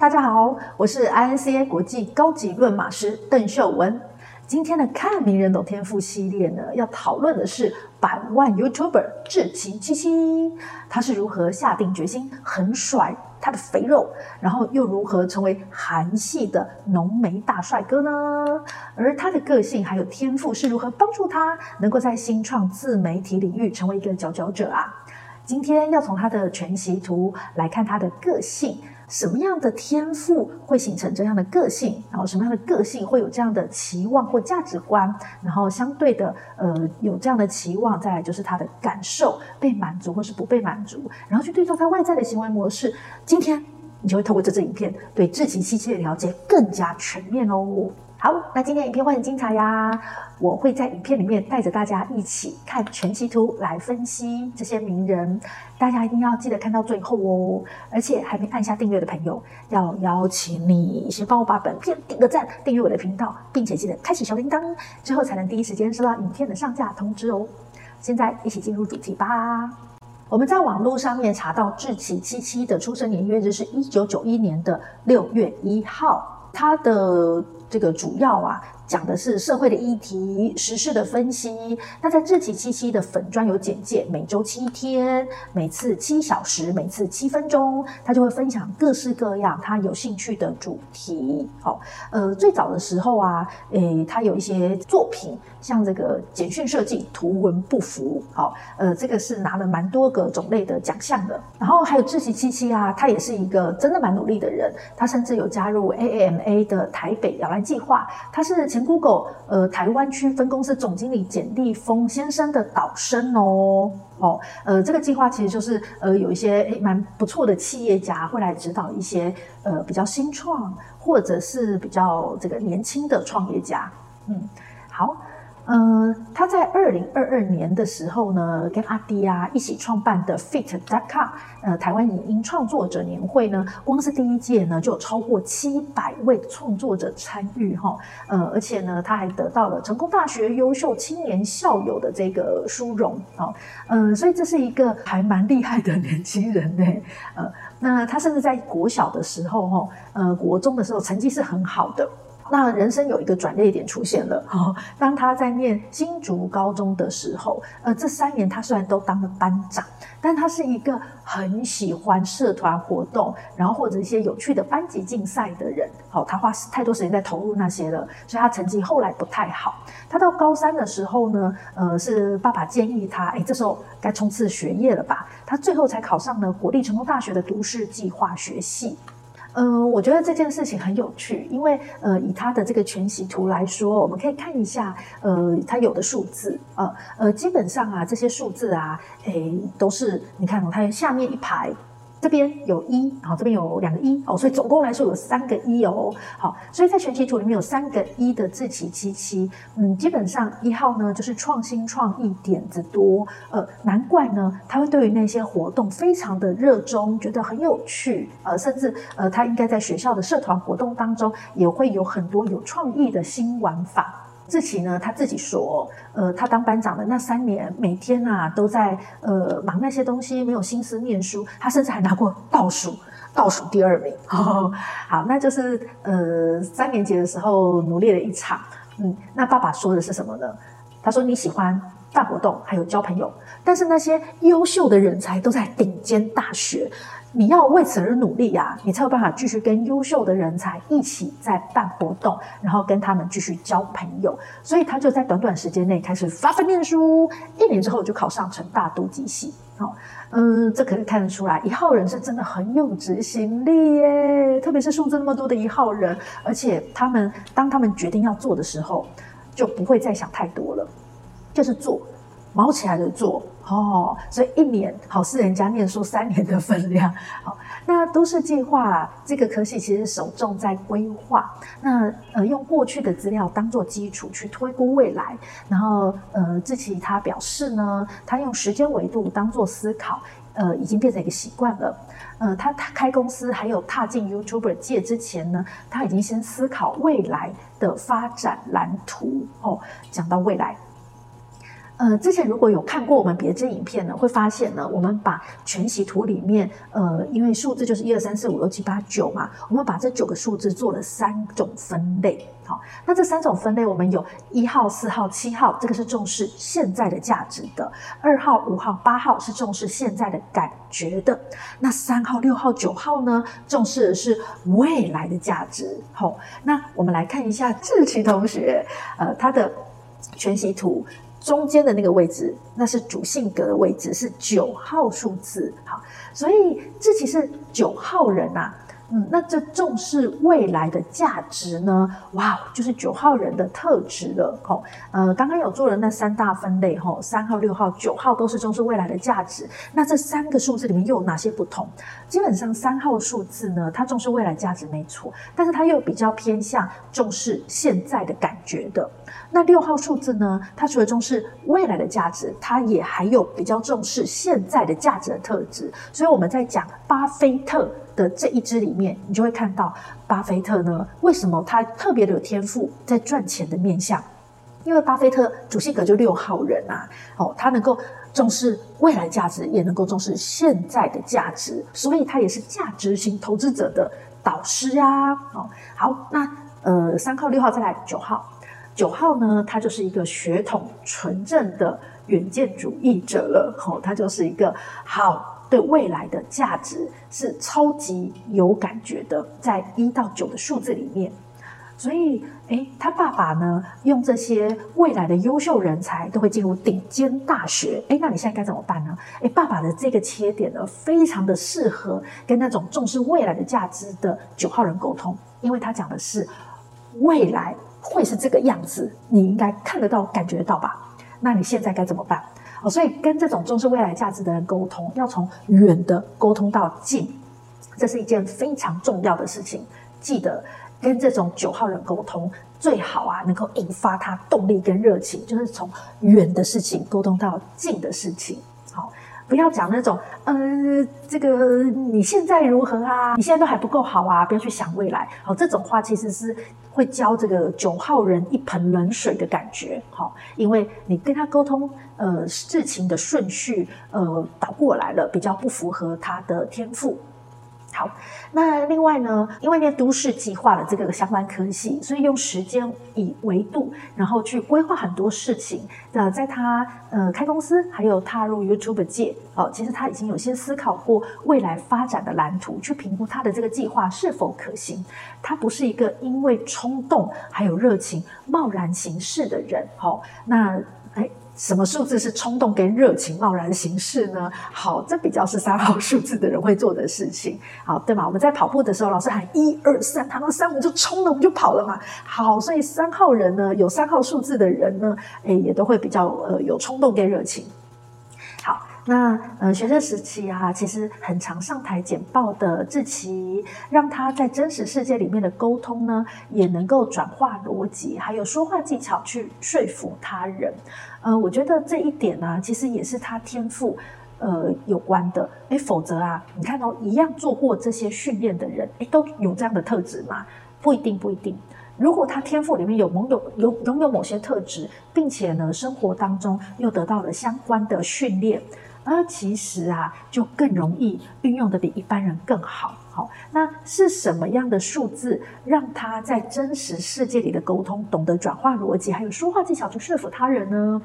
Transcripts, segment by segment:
大家好，我是 INCA 國際高級論碼師鄧琇文。今天的看名人懂天賦系列呢，要討論的是百萬 YouTuber 志棋七七，他是如何下定決心狠甩他的肥肉，然後又如何成為韓系的濃眉大帥哥呢？而他的個性還有天賦是如何幫助他能夠在新創自媒體領域成為一個佼佼者啊？今天要從他的全息圖來看他的個性。什麼樣的天賦會形成這樣的個性，然後什麼樣的個性會有這樣的期望或價值觀，然後相對的，呃，有這樣的期望，再來就是他的感受被滿足或是不被滿足，然後去對照他外在的行為模式。今天你就會透過這支影片，對志棋七七的了解更加全面哦。好，那今天影片會很精彩呀！我會在影片裡面帶着大家一起看全息圖來分析這些名人，大家一定要記得看到最後哦。而且還沒按下訂閱的朋友，要邀請你先幫我把本片點個讚，訂閱我的頻道，並且記得開啟小鈴鐺，之後才能第一時間收到影片的上架通知哦。現在一起進入主題吧。我們在網絡上面查到志棋七七的出生年月日是一九九一年的六月一號，他的。這個主要啊。講的是社會的議題、時事的分析。那在志棋七七的粉專有簡介，每周七天，每次七小時，每次七分鐘，他就會分享各式各樣他有興趣的主題。好、哦，呃，最早的時候啊，誒，他有一些作品，像這個簡訊設計、圖文不符。好、哦，呃，這個是拿了蠻多個種類的獎項的。然後還有志棋七七啊，他也是一個真的蠻努力的人，他甚至有加入 AAMA 的台北搖籃計劃，他是前。Google 呃，台灣區分公司總經理簡立峰先生的導生哦，哦，呃，這個計劃其實就是呃有一些欸、蠻不錯的企業家會來指導一些呃比較新創或者是比較這個年輕的創業家，嗯，好。嗯、呃，他在二零二二年的時候呢，跟阿滴啊，一起創辦的 Fit.com，呃，台灣影音創作者年會呢，光是第一屆呢就有超過七百位創作者參與哈、哦，呃，而且呢，他還得到了成功大學優秀青年校友的這個殊榮啊，嗯、哦呃，所以這是一個還蠻厲害的年輕人呢，呃，那他甚至在國小的時候哈，呃，國中的時候成績是很好的。那人生有一個轉捩點出現了。好、哦，當他在念新竹高中的時候，呃，這三年他雖然都當了班長，但他是一個很喜歡社團活動，然後或者一些有趣的班級競賽的人。好、哦，他花太多時間在投入那些了，所以他成績後來不太好。他到高三的時候呢，呃，是爸爸建議他，哎，這時候該衝刺學業了吧？他最後才考上了國立成功大學的都市計劃學系。嗯、呃，我覺得這件事情很有趣，因為呃，以他的這個全息圖來說，我們可以看一下，呃，他有的數字啊、呃，呃，基本上啊，這些數字啊，哎，都是你看，他下面一排。這邊有一，好，這邊有兩個一哦，所以總共來說有三個一哦，喔，好，所以在全息圖裡面有三個一的志棋七七，嗯，基本上一號呢就是創新創意點子多，呃，難怪呢他會對於那些活動非常的熱衷，覺得很有趣，呃，甚至呃他應該在學校的社團活動當中也會有很多有創意的新玩法。志棋呢，他自己說，呃，他當班長的那三年，每天啊都在呃忙那些東西，沒有心思念書。他甚至還拿過倒數，倒數第二名呵呵。好，那就是呃三年級的時候努力了一場。嗯，那爸爸說的是什麼呢？他說你喜歡辦活動，還有交朋友，但是那些優秀的人才都在頂尖大學。你要為此而努力呀、啊，你才有辦法繼續跟優秀的人才一起在辦活動，然後跟他們繼續交朋友。所以他就在短短時間內開始發奮念書，一年之後就考上成大都機系。好，嗯，這可以看得出來，一號人是真的很有執行力耶，特別是數字那麼多的一號人，而且他們當他們決定要做的時候，就不會再想太多了，就是做，卯起來就做。哦，所以一年好似人家念書三年的分量。好，那都市計劃這個科系其實首重在規劃。那呃，用過去的資料當做基礎去推估未來。然後呃，志棋他表示呢，他用時間維度當做思考，呃，已經變成一個習慣了。呃，他他開公司還有踏進 YouTuber 界之前呢，他已經先思考未來的發展藍圖。哦，講到未來。呃，之前如果有看過我們別的影片呢，會發現呢，我們把全息圖裡面，呃，因為數字就是一二三四五六七八九嘛，我們把這九個數字做了三種分類。好、哦，那這三種分類，我們有一號、四號、七號，這個是重視現在的價值的；二號、五號、八號是重視現在的感覺的。那三號、六號、九號呢，重視的是未來的價值。好、哦，那我們來看一下志棋同學，呃，他的全息圖。中間的那個位置，那是主性格的位置，是九號數字，好，所以這其實九號人吶、啊，嗯，那這重視未來的價值呢，哇，就是九號人的特質了，哦，呃，剛剛有做了那三大分類，吼、哦，三號、六號、九號都是重視未來的價值，那這三個數字裡面又有哪些不同？基本上三號數字呢，它重視未來價值沒錯，但是它又比較偏向重視現在的感覺的。那六號數字呢？它除了重視未來的價值，它也還有比較重視現在的價值的特質。所以我們在講巴菲特的這一支裡面，你就會看到巴菲特呢，為什麼他特別的有天賦在賺錢的面向。因為巴菲特主性格就六號人啊，哦，他能夠重視未來價值，也能夠重視現在的價值，所以他也是價值型投資者的導師啊。哦，好，那呃，三號、六號再來九號。九號呢，他就是一個血統純正的遠見主義者了，吼、哦，他就是一個好對未來的價值是超級有感覺的，在一到九的數字裡面，所以，哎，他爸爸呢，用這些未來的優秀人才都會進入頂尖大學，哎，那你現在該怎麼辦呢？哎，爸爸的這個切點呢，非常的適合跟那種重視未來的價值的九號人溝通，因為他講的是未來。會是這個樣子，你應該看得到、感覺到吧？那你現在該怎麼辦？哦，所以跟這種重視未來價值的人溝通，要從遠的溝通到近，這是一件非常重要的事情。記得跟這種九號人溝通，最好啊能夠引發他動力跟熱情，就是從遠的事情溝通到近的事情。不要講那種，呃，這個你現在如何啊？你現在都還不夠好啊！不要去想未來，好，哦，這種話其實是會澆這個九號人一盆冷水的感覺，好，哦，因為你跟他溝通，呃，事情的順序，呃，倒過來了，比較不符合他的天賦。好，那另外呢，因為念都市計劃的這個相關科系，所以用時間以維度，然後去規劃很多事情。那在他呃開公司，還有踏入 YouTube 界，哦，其實他已經有些思考過未來發展的藍圖，去評估他的這個計劃是否可行。他不是一個因為衝動還有熱情貿然行事的人。好、哦，那哎。什麼數字是衝動跟熱情、貿然行事呢？好，這比較是三號數字的人會做的事情，好，對嗎？我們在跑步的時候，老師喊一二三，喊到三我們就衝了，我們就跑了嘛。好，所以三號人呢，有三號數字的人呢，哎，也都會比較呃有衝動跟熱情。那呃，學生時期啊，其實很常上台簡報的志棋，讓他在真實世界裡面的溝通呢，也能夠轉化邏輯，還有說話技巧去說服他人。呃，我覺得這一點呢，其實也是他天賦呃有關的。哎、欸，否則啊，你看到、哦、一樣做過這些訓練的人、欸，都有這樣的特質嗎？不一定，不一定。如果他天賦裡面有擁有有擁有某些特質，並且呢，生活當中又得到了相關的訓練。而其實啊，就更容易運用得比一般人更好。好，那是什麼樣的數字，讓他在真實世界裡的溝通，懂得轉化邏輯，還有說話技巧去說服他人呢？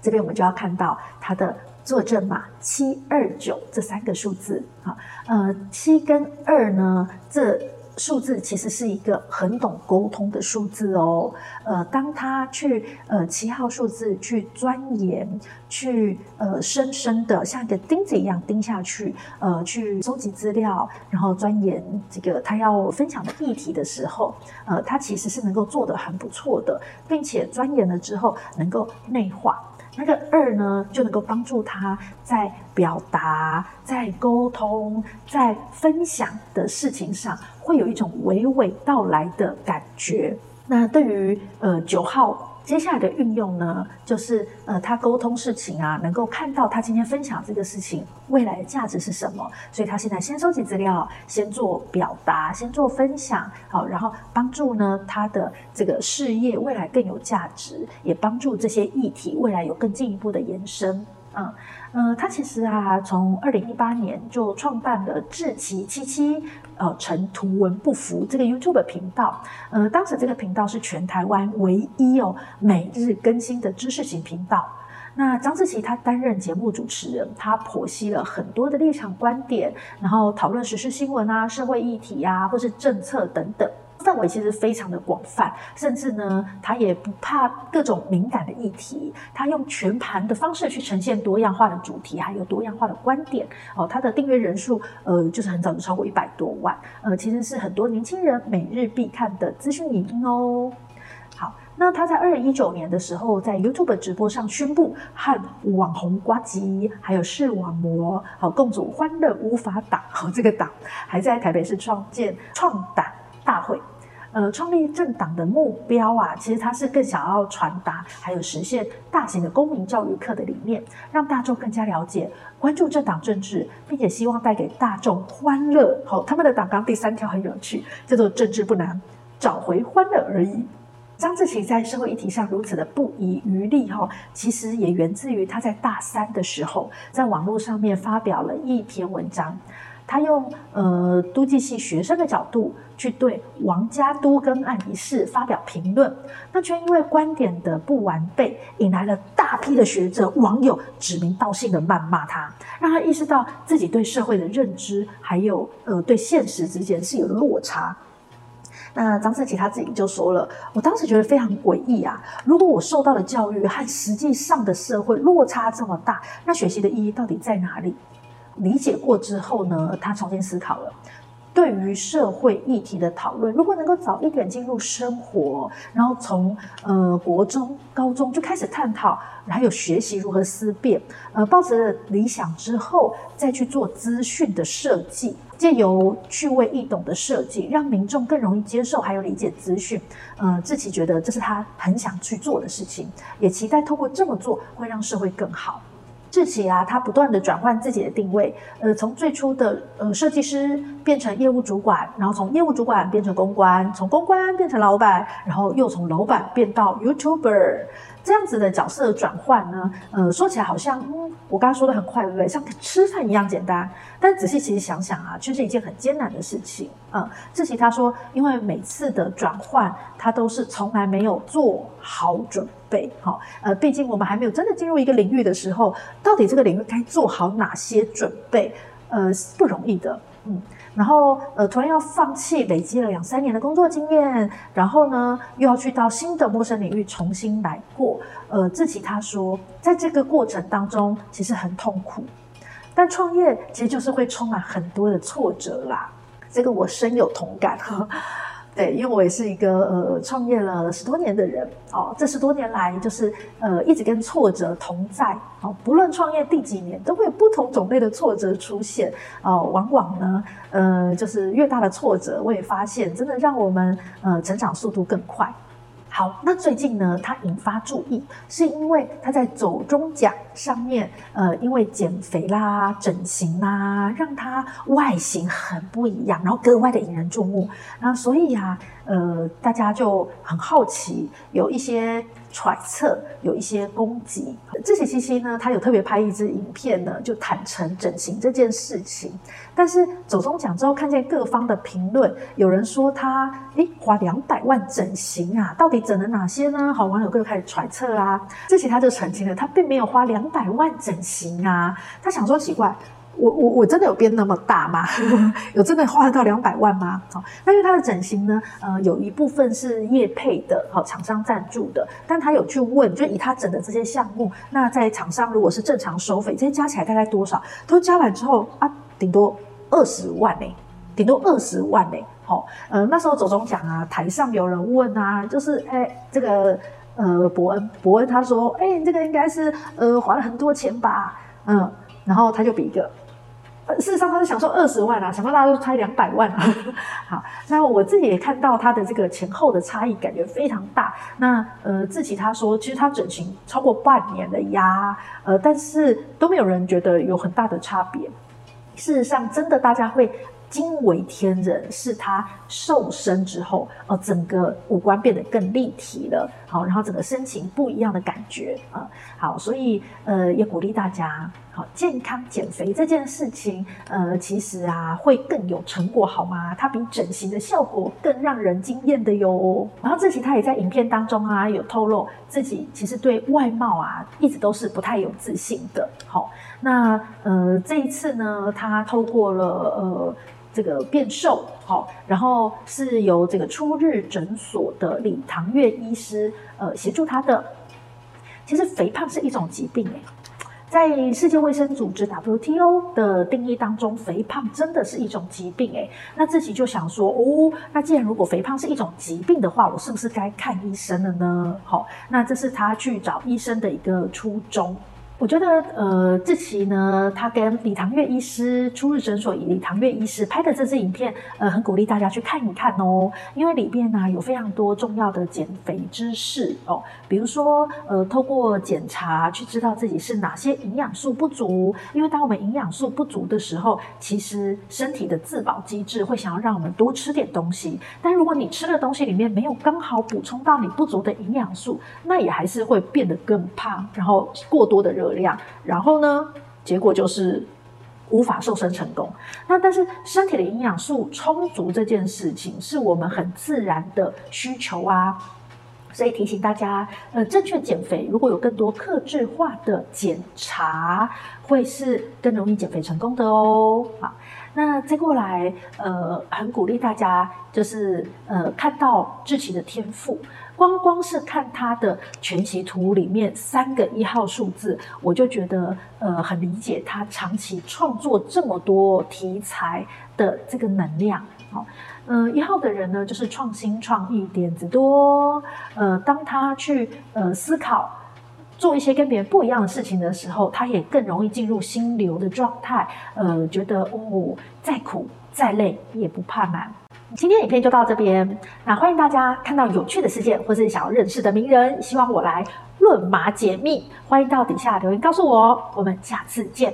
這邊我們就要看到他的作證碼七二九這三個數字。好，呃，七跟二呢，這。數字其實是一個很懂溝通的數字哦，呃，當他去呃七號數字去鑽研，去呃深深的像一個釘子一樣釘下去，呃，去收集資料，然後鑽研這個他要分享的議題的時候，呃，他其實是能夠做得很不錯的，並且鑽研了之後能夠內化。那個二呢，就能夠幫助他在表達、在溝通、在分享的事情上，會有一種娓娓道來的感覺。那對於呃九號。接下來的運用呢，就是呃，他溝通事情啊，能夠看到他今天分享這個事情未來的價值是什麼，所以他現在先收集資料，先做表達，先做分享，好，然後幫助呢他的這個事業未來更有價值，也幫助這些議題未來有更進一步的延伸嗯。呃，他其實啊，從二零一八年就創辦了志棋七七，呃，成圖文不符這個 YouTube 頻道。呃，當時這個頻道是全台灣唯一哦，每日更新的知識型頻道。那張志棋他擔任節目主持人，他剖析了很多的立場觀點，然後討論時事新聞啊、社會議題呀、啊，或是政策等等。範圍其實非常的廣泛，甚至呢，他也不怕各種敏感的議題，他用全盤的方式去呈現多樣化的主題，還有多樣化的觀點。哦，他的訂閱人數，呃，就是很早就超過一百多萬，呃，其實是很多年輕人每日必看的資訊影音哦。好，那他在二零一九年的時候，在 YouTube 直播上宣布和網紅呱吉還有視網膜，好、哦、共組歡樂無法黨哦這個黨，還在台北市創建創黨大會。呃，創立政黨的目標啊，其實他是更想要傳達，還有實現大型的公民教育課的理念，讓大眾更加了解、關注政黨政治，並且希望帶給大眾歡樂。好、哦，他們的黨綱第三條很有趣，叫做“政治不難，找回歡樂而已”。張志棋在社會議題上如此的不遺餘力，哈、哦，其實也源自於他在大三的時候，在網絡上面發表了一篇文章。他用呃，都計系學生的角度去對王家都更案一事發表評論，那卻因為觀點的不完備，引來了大批的學者網友指名道姓的謾罵他，讓他意識到自己對社會的認知還有呃對現實之間是有落差。那張志棋他自己就說了，我當時覺得非常詭異啊，如果我受到的教育和實際上的社會落差這麼大，那學習的意義到底在哪裡？理解過之後呢，他重新思考了對於社會議題的討論。如果能夠早一點進入生活，然後從呃國中、高中就開始探討，還有學習如何思辨，呃，抱着了理想之後再去做資訊的設計，借由趣味易懂的設計，讓民眾更容易接受還有理解資訊。呃，志棋覺得這是他很想去做的事情，也期待透過這麼做會讓社會更好。志棋啊，他不斷地轉換自己的定位，呃，從最初的呃設計師變成業務主管，然後從業務主管變成公關，從公關變成老板，然後又從老板變到 YouTuber。這樣子的角色轉換呢，呃，說起來好像，嗯，我剛剛說的很快，對不對？像吃飯一樣簡單，但仔細其實想想啊，卻是一件很艱難的事情。呃，志棋他說，因為每次的轉換，他都是從來沒有做好準備，好、哦，呃，畢竟我們還沒有真的進入一個領域的時候，到底這個領域該做好哪些準備，呃，是不容易的。嗯，然後呃，突然要放棄累積了兩三年的工作經驗，然後呢，又要去到新的陌生領域重新來過，呃，自己他說，在這個過程當中其實很痛苦，但創業其實就是會充滿很多的挫折啦，這個我深有同感，呵呵。對，因為我也是一個呃創業了十多年的人哦，這十多年來就是呃一直跟挫折同在哦，不論創業第幾年都會有不同種類的挫折出現哦，往往呢呃就是越大的挫折，我也發現真的讓我們呃成長速度更快。好，那最近呢他引發注意是因為他在走鐘獎。上面呃，因為減肥啦、整形啦，讓他外形很不一樣，然後格外的引人注目。那所以呀、啊，呃，大家就很好奇，有一些揣測，有一些攻擊。這些信息呢，他有特別拍一支影片呢，就坦承整形這件事情。但是走鐘獎之後，看見各方的評論，有人說他誒花兩百萬整形啊，到底整了哪些呢？好，網友就開始揣測啊。這些他就澄清了，他並沒有花兩。兩百萬整形啊，他想說奇怪，我我我真的有變那麼大嗎？ 有真的花得到兩百萬嗎？好、哦，那因為他的整形呢，呃，有一部分是業配的，好、哦，廠商贊助的。但他有去問，就以他整的這些項目，那在廠商如果是正常收費，這些加起來大概多少？都加完之後啊，頂多二十萬呢、欸，頂多二十萬呢、欸。好、哦，呃，那時候走鐘獎啊，台上有人問啊，就是哎、欸，這個。呃，伯恩，伯恩他說，哎、欸，你這個應該是呃，花了很多錢吧，嗯，然後他就比一個，呃、事實上他是想說二十萬啊，想不到大家都猜兩百萬，啊， 好，那我自己也看到他的這個前後的差異，感覺非常大。那呃，志棋他說，其實他整形超過半年了呀，呃，但是都沒有人覺得有很大的差別。事實上，真的大家會驚為天人，是他瘦身之後，呃，整個五官變得更立體了。好，然後整個身形不一樣的感覺啊、呃，好，所以呃也鼓勵大家，好，健康減肥這件事情，呃其實啊會更有成果，好嗎？它比整形的效果更讓人驚豔的喲。然後志棋他也在影片當中啊有透露，自己其實對外貌啊一直都是不太有自信的。好，那呃這一次呢，他透過了呃。這個變瘦，好、哦，然後是由這個初日診所的李唐月醫師，呃，協助他的。其實肥胖是一種疾病哎，在世界衛生組織 WTO 的定義當中，肥胖真的是一種疾病哎。那自己就想說，哦，那既然如果肥胖是一種疾病的話，我是不是該看醫生了呢？好、哦，那這是他去找醫生的一個初衷。我覺得呃志棋呢，他跟李唐越醫師初日診所以李唐越醫師拍的這支影片，呃，很鼓勵大家去看一看哦，因為裡面呢、啊、有非常多重要的減肥知識哦，比如說呃，透過檢查去知道自己是哪些營養素不足，因為當我們營養素不足的時候，其實身體的自保機制會想要讓我們多吃點東西，但如果你吃的東西裡面沒有剛好補充到你不足的營養素，那也還是會變得更胖，然後過多的熱量。量，然後呢，結果就是無法瘦身成功。那但是身體的營養素充足這件事情，是我們很自然的需求啊。所以提醒大家，呃，正確減肥，如果有更多客製化的檢查，會是更容易減肥成功的哦。好，那再過來，呃，很鼓勵大家，就是呃，看到志棋的天賦。光光是看他的全息圖裡面三個一號數字，我就覺得呃，很理解他長期創作這麼多題材的這個能量。好，嗯，一號的人呢，就是創新創意點子多。呃，當他去呃思考做一些跟別人不一樣的事情的時候，他也更容易進入心流的狀態。呃，覺得哦，再苦再累也不怕難。今天影片就到這邊，那歡迎大家看到有趣的事件，或是想要認識的名人，希望我來論碼解密，歡迎到底下留言告訴我哦，我們下次見。